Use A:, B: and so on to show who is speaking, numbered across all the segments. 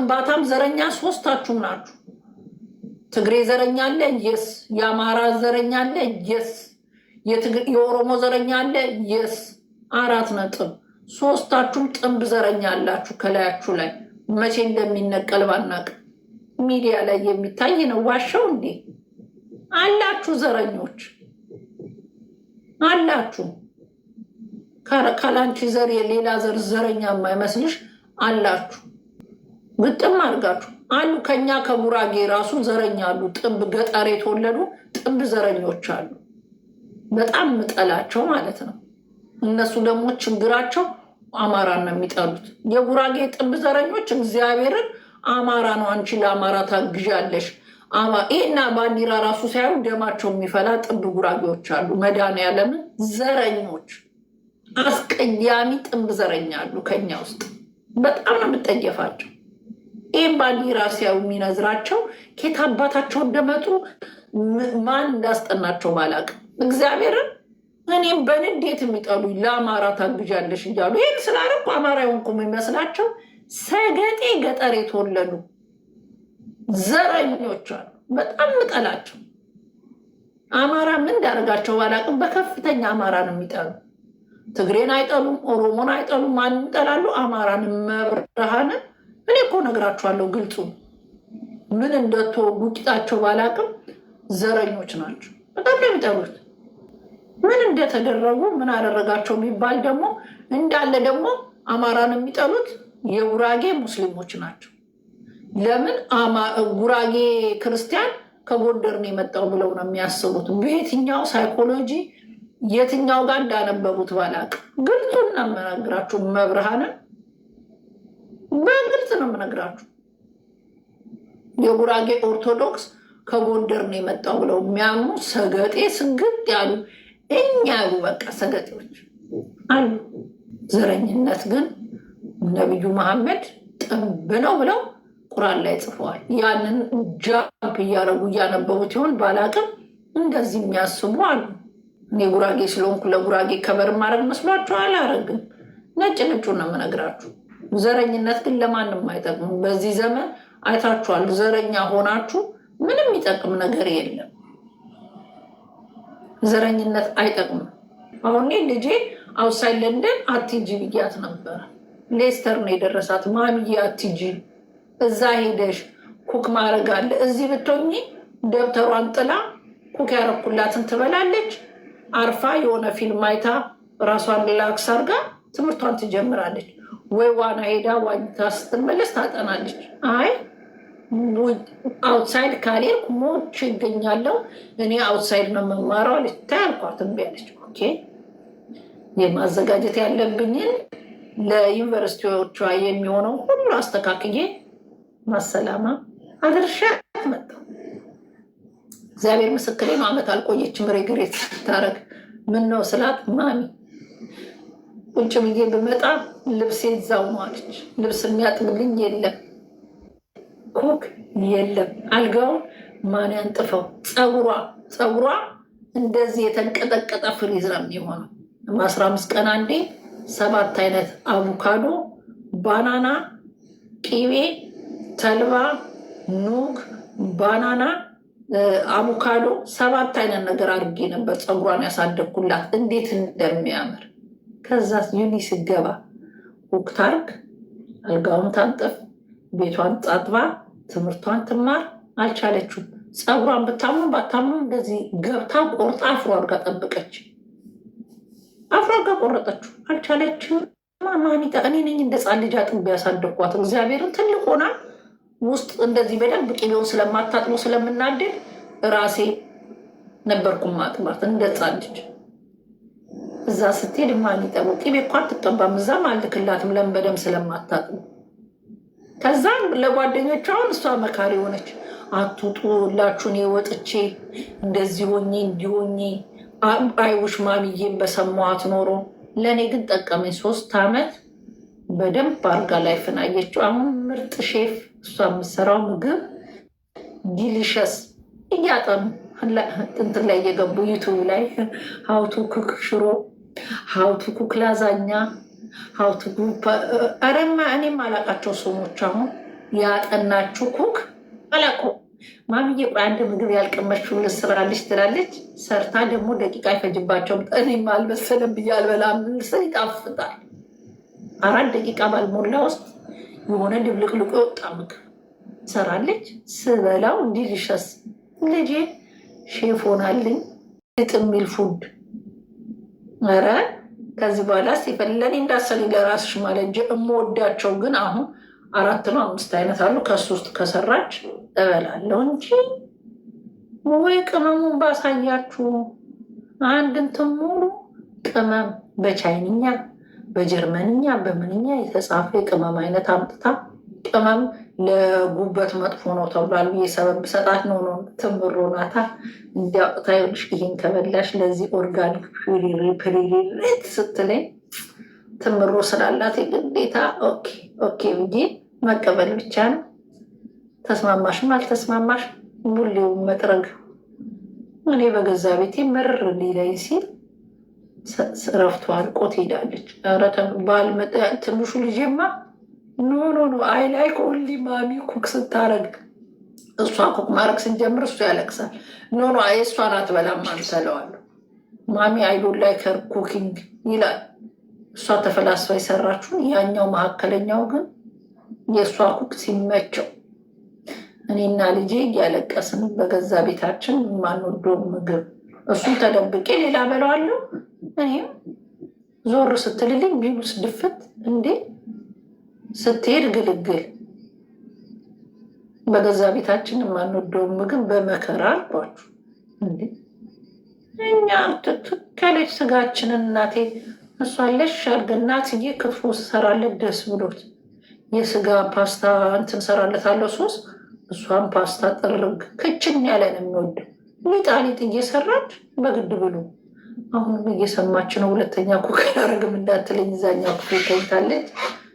A: ከምባታም ዘረኛ ሶስታችሁም ናችሁ። ትግሬ ዘረኛ አለ፣ የስ የአማራ ዘረኛ አለ፣ የስ የኦሮሞ ዘረኛ አለ፣ የስ አራት ነጥብ። ሶስታችሁም ጥንብ ዘረኛ አላችሁ ከላያችሁ ላይ መቼ እንደሚነቀል ባናቅ ሚዲያ ላይ የሚታይ ነው። ዋሻው እንዴ አላችሁ፣ ዘረኞች አላችሁ። ከላንቺ ዘር የሌላ ዘር ዘረኛ የማይመስልሽ አላችሁ። ግጥም አድርጋችሁ አሉ። ከኛ ከጉራጌ ራሱ ዘረኛ አሉ። ጥብ ገጠር የተወለዱ ጥብ ዘረኞች አሉ። በጣም ምጠላቸው ማለት ነው። እነሱ ደግሞ ችግራቸው አማራን ነው የሚጠሉት። የጉራጌ ጥብ ዘረኞች እግዚአብሔርን አማራ ነው አንቺ ለአማራ ታግዣለሽ። ይህና ባንዲራ ራሱ ሳይሆን ደማቸው የሚፈላ ጥንብ ጉራጌዎች አሉ። መድኃኒዓለምን ዘረኞች፣ አስቀያሚ ጥንብ ዘረኛ አሉ። ከኛ ውስጥ በጣም ነው የምጠየፋቸው። ይህም በአንድ ራሱ የሚነዝራቸው ኬት አባታቸው እንደመጡ ማን እንዳስጠናቸው ማላቅ እግዚአብሔርን እኔም በንዴት የሚጠሉኝ ለአማራ ታግዣለሽ እያሉ ይህን ስላረኩ አማራ የሆንኩ የሚመስላቸው ሰገጤ ገጠር የተወለዱ ዘረኞች አሉ። በጣም ምጠላቸው አማራ ምን እንዳደረጋቸው ባላቅም በከፍተኛ አማራን የሚጠሉ ትግሬን አይጠሉም፣ ኦሮሞን አይጠሉም። ማን ይጠላሉ? አማራን መብር እነግራችኋለሁ፣ ግልጹ ምን እንደቶ ጉቂጣቸው ባላቅም ዘረኞች ናቸው። በጣም ነው የሚጠሩት። ምን እንደተደረጉ ምን አደረጋቸው የሚባል ደግሞ እንዳለ ደግሞ አማራን የሚጠሉት የጉራጌ ሙስሊሞች ናቸው። ለምን ጉራጌ ክርስቲያን ከጎንደር ነው የመጣው ብለው ነው የሚያስቡት። በየትኛው ሳይኮሎጂ የትኛው ጋር እንዳነበቡት ባላቅ ግልጹ እናመናግራችሁ መብርሃንን በግልጽ ነው የምነግራችሁ። የጉራጌ ኦርቶዶክስ ከጎንደር ነው የመጣው ብለው የሚያምኑ ሰገጤ ስግጥ ያሉ እኛ ያሉ በቃ ሰገጤዎች አሉ። ዘረኝነት ግን ነቢዩ መሐመድ ጥንብ ነው ብለው ቁራን ላይ ጽፈዋል። ያንን ጃምፕ እያደረጉ እያነበቡት ይሆን ባላቅም እንደዚህ የሚያስቡ አሉ። እኔ ጉራጌ ስለሆንኩ ለጉራጌ ከበር ማድረግ መስሏቸው አላረግም። ነጭ ነጩ ነው የምነግራችሁ። ዘረኝነት ግን ለማንም አይጠቅም በዚህ ዘመን አይታችኋል። ዘረኛ ሆናችሁ ምንም ይጠቅም ነገር የለም። ዘረኝነት አይጠቅምም። አሁን ልጄ አውሳይ ለንደን አቲጂ ብያት ነበረ። ሌስተር ነው የደረሳት። ማሚዬ አቲጂ እዛ ሄደሽ ኩክ ማድረግ አለ። እዚህ ብትሆኚ ደብተሯን ጥላ ኩክ ያረኩላትን ትበላለች። አርፋ የሆነ ፊልም አይታ ራሷን ሪላክስ አርጋ ትምህርቷን ትጀምራለች። ወይ ዋና ሄዳ ዋኝታ ስትመለስ ታጠናለች። አይ አውትሳይድ ካልሄድኩ ሞቼ ይገኛለው እኔ አውትሳይድ ነው መማረው አለች። ታያልኳት እምቢ አለች። ኦኬ የማዘጋጀት ያለብኝን ለዩኒቨርሲቲዎቿ የሚሆነው ሁሉ አስተካክዬ ማሰላማ አድርሻ መጣ። እግዚአብሔር ምስክሬ ነው። አመት አልቆየችም ሬግሬት ስታረግ ምን ነው ስላት ማሚ ቁጭ ብዬ ብመጣ ልብሴ እዛው ማለች። ልብስ የሚያጥብልኝ የለም፣ ኮክ የለም። አልጋውን ማን ያንጥፈው? ፀጉሯ ፀጉሯ እንደዚህ የተንቀጠቀጠ ፍሪዝ ነው የሚሆነው። በአስራ አምስት ቀን አንዴ ሰባት አይነት አቮካዶ፣ ባናና፣ ቂቤ፣ ተልባ፣ ኑግ፣ ባናና፣ አቮካዶ ሰባት አይነት ነገር አድርጌ ነበር ፀጉሯን ያሳደግኩላት እንዴት እንደሚያምር ከዛ ዩኒ ስገባ ወቅታርክ አልጋውን ታንጥፍ፣ ቤቷን ጣጥባ፣ ትምህርቷን ትማር። አልቻለችም። ፀጉሯን ብታምኑ ባታምኑ እንደዚህ ገብታ ቆርጣ አፍሮ አድርጋ ጠብቀች። አፍሮ አድርጋ ቆረጠችው። አልቻለችም። ማማኒታ እኔ ነኝ እንደ ጻን ልጅ አጥቢ ያሳደግኳት። እግዚአብሔርን ትልቅ ሆና ውስጥ እንደዚህ በደንብ ቅቤውን ስለማታጥሎ ስለምናደድ ራሴ ነበርኩም ማጥባት እንደ ጻን ልጅ እዛ ስትሄድ ማን ይጠሙ ቅቤ እኮ አትቀባም። እዛም አልክላትም ለም በደም ስለማታጥሙ። ከዛም ለጓደኞቿ አሁን እሷ መካሪ ሆነች። አትውጡ ሁላችሁን የወጥቼ እንደዚህ ሆኜ እንዲሆኜ አይውሽ ማሚዬን በሰማዋት ኖሮ ለእኔ ግን ጠቀመኝ። ሶስት ዓመት በደንብ አርጋ ላይ ፍናየችው። አሁን ምርጥ ሼፍ እሷ የምሰራው ምግብ ዲሊሸስ እያጠኑ ጥንት ላይ እየገቡ ዩቱብ ላይ ሀውቱ ክክ ሽሮ ሀው ኩክ ላዛኛ፣ ሀው አረማ እኔም አላቃቸው ሰሞች አሁን ያጠናችሁ ኩክ አላውቀውም። ማምዬ አንድ ምግብ ያልቀመሽውን ልስራልሽ ትላለች። ሰርታ ደግሞ ደቂቃ አይፈጅባቸውም። እኔም አልበሰለም ብዬ አልበላም ስል ይጣፍጣል። አራት ደቂቃ ባልሞላ ውስጥ የሆነ ድብልቅልቁ የወጣ ምግብ ሰራለች። ስበላው ዲሊሸስ ልጄ ሼፍ ሆናልኝ ግጥም ሚል ፉድ ኧረ ከዚህ በኋላ ሲፈለኔ እንዳሰልኝ ለራስሽ ማለት እንጂ እምወዳቸው ግን አሁን አራት ነው አምስት አይነት አሉ። ከሶስት ከሰራች እበላለሁ እንጂ ወይ ቅመሙን ባሳያችሁ አንድ እንትን ሙሉ ቅመም በቻይንኛ፣ በጀርመንኛ፣ በምንኛ የተጻፈ የቅመም አይነት አምጥታ ቅመም ለጉበት መጥፎ ነው ተብሏል። የሰበብ ሰጣት ነው ነው ትምሮ ናታ እንዲያውቅታዮች ይህን ከበላሽ ለዚህ ኦርጋኒክ ፕሪሪት ስትለኝ ትምሮ ስላላት ግዴታ ኦኬ ኦኬ ብዬ መቀበል ብቻ ነው። ተስማማሽም አልተስማማሽ ቡሌው መጥረግ እኔ በገዛ ቤቴ ምር ሊላይ ሲል ረፍቷል። ቆት ሄዳለች ባል ትንሹ ልጄማ ኖ ኖ ኖ አይ ላይክ ኦንሊ ማሚ ኩክ ስታረግ እሷ ኩክ ማድረግ ስንጀምር እሱ ያለቅሳል። ኖ ኖ አይ እሷ ናት በላም አንሰለዋለሁ። ማሚ አይዶን ላይክ ሄር ኩኪንግ ይላል። እሷ ተፈላስፋ የሰራችሁን ያኛው መካከለኛው ግን የእሷ ኩክ ሲመቸው እኔና ልጄ እያለቀስን በገዛ ቤታችን የማንወደውን ምግብ እሱን ተደብቄ ሌላ በለዋለሁ። እኔም ዞር ስትልልኝ ቢሉስ ድፍት እንዴ ስትሄድ ግልግል በገዛ ቤታችን የማንወደውን ምግብ በመከራ አልኳችሁ። እኛ ትከለች ስጋችን እናቴ እሷ ለሻርግ እናትዬ ክትፎ ስሰራለት ደስ ብሎት የስጋ ፓስታ እንትን ሰራለታለሁ ሶስ እሷን ፓስታ ጥርግ ክችን ያለን የሚወደው ሚጣሊጥ እየሰራች በግድ ብሎ አሁንም እየሰማች ነው። ሁለተኛ ኮከል ያደረግም እንዳትለኝ እዛኛው ክፍል ተኝታለች።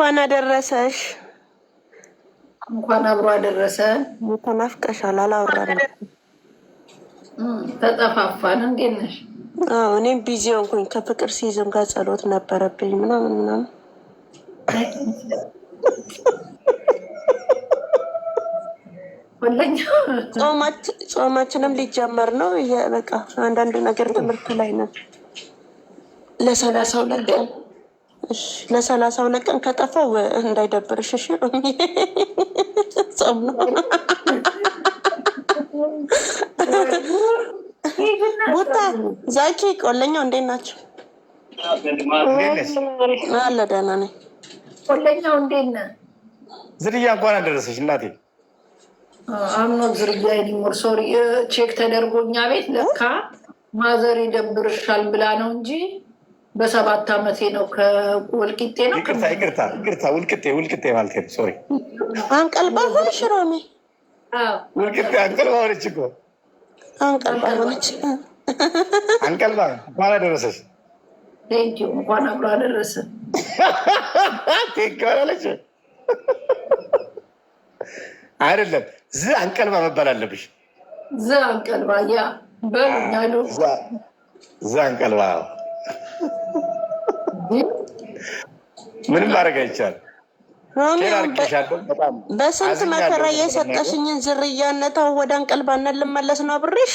B: እንኳን አደረሰሽ።
A: እንኳን አብሮ አደረሰ።
B: ተናፍቀሻል፣ አላወራንም፣
A: ተጠፋፋን። እንዴት ነሽ?
B: አዎ እኔም ቢዚ ሆንኩኝ። ከፍቅር ሲዝም ጋር ጸሎት ነበረብኝ ምናምን ምናምን። ጾማችንም ሊጀመር ነው። በቃ አንዳንድ ነገር ትምህርት ላይ ነን ለሰላሳው ለቀን ለሰላሳ ሁለት ቀን ከጠፋው እንዳይደብርሽ። እሺ ጾም ነው። ቡታ ዛኪ ቆለኛው እንዴት ናቸው? አለ ደህና ነኝ።
A: ቆለኛው እንዴት ነህ?
C: ዝርያ እንኳን አደረሰች እናቴ።
A: አምኖ ዝርያ ዲሞር ሶሪ ቼክ ተደርጎኛ ቤት ለካ ማዘር ይደብርሻል ብላ ነው እንጂ በሰባት ዓመቴ ነው። ከወልቂጤ ነው።
C: ይቅርታ ይቅርታ ይቅርታ፣ ውልቅጤ ውልቅጤ ማለት ነው። ሶሪ
B: አንቀልባ ሆነች ሮሚ፣
C: ውልቅጤ አንቀልባ ሆነች እኮ
B: አንቀልባ ሆነች።
C: አንቀልባ እንኳን አደረሰሽ።
A: ቴንኪው እንኳን አብሮ አደረሰ።
C: ቴንኪው አላለች አይደለም፣ ዝ አንቀልባ መባል አለብሽ።
A: ዝ አንቀልባ ያ በሉኛሉ።
C: ዝ አንቀልባ ምንም ማድረግ አይቻልም።
B: በስንት መከራ የሰጠሽኝን ዝርያነት አሁን ወደ እንቅልባነት ልመለስ ነው አብሬሽ